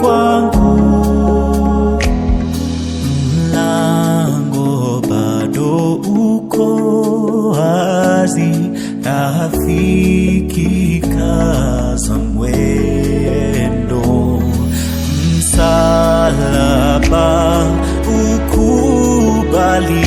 kwangu mlango bado uko wazi, rafiki kaza mwendo, msalaba ukubali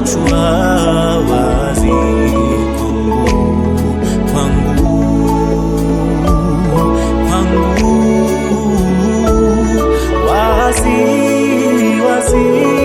umeachwa wazi kwangu, kwangu wazi wazi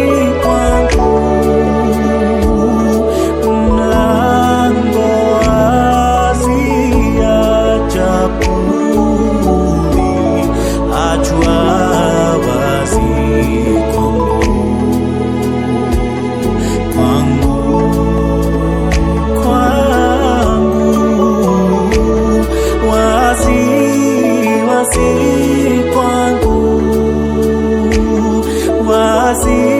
kwangu wazi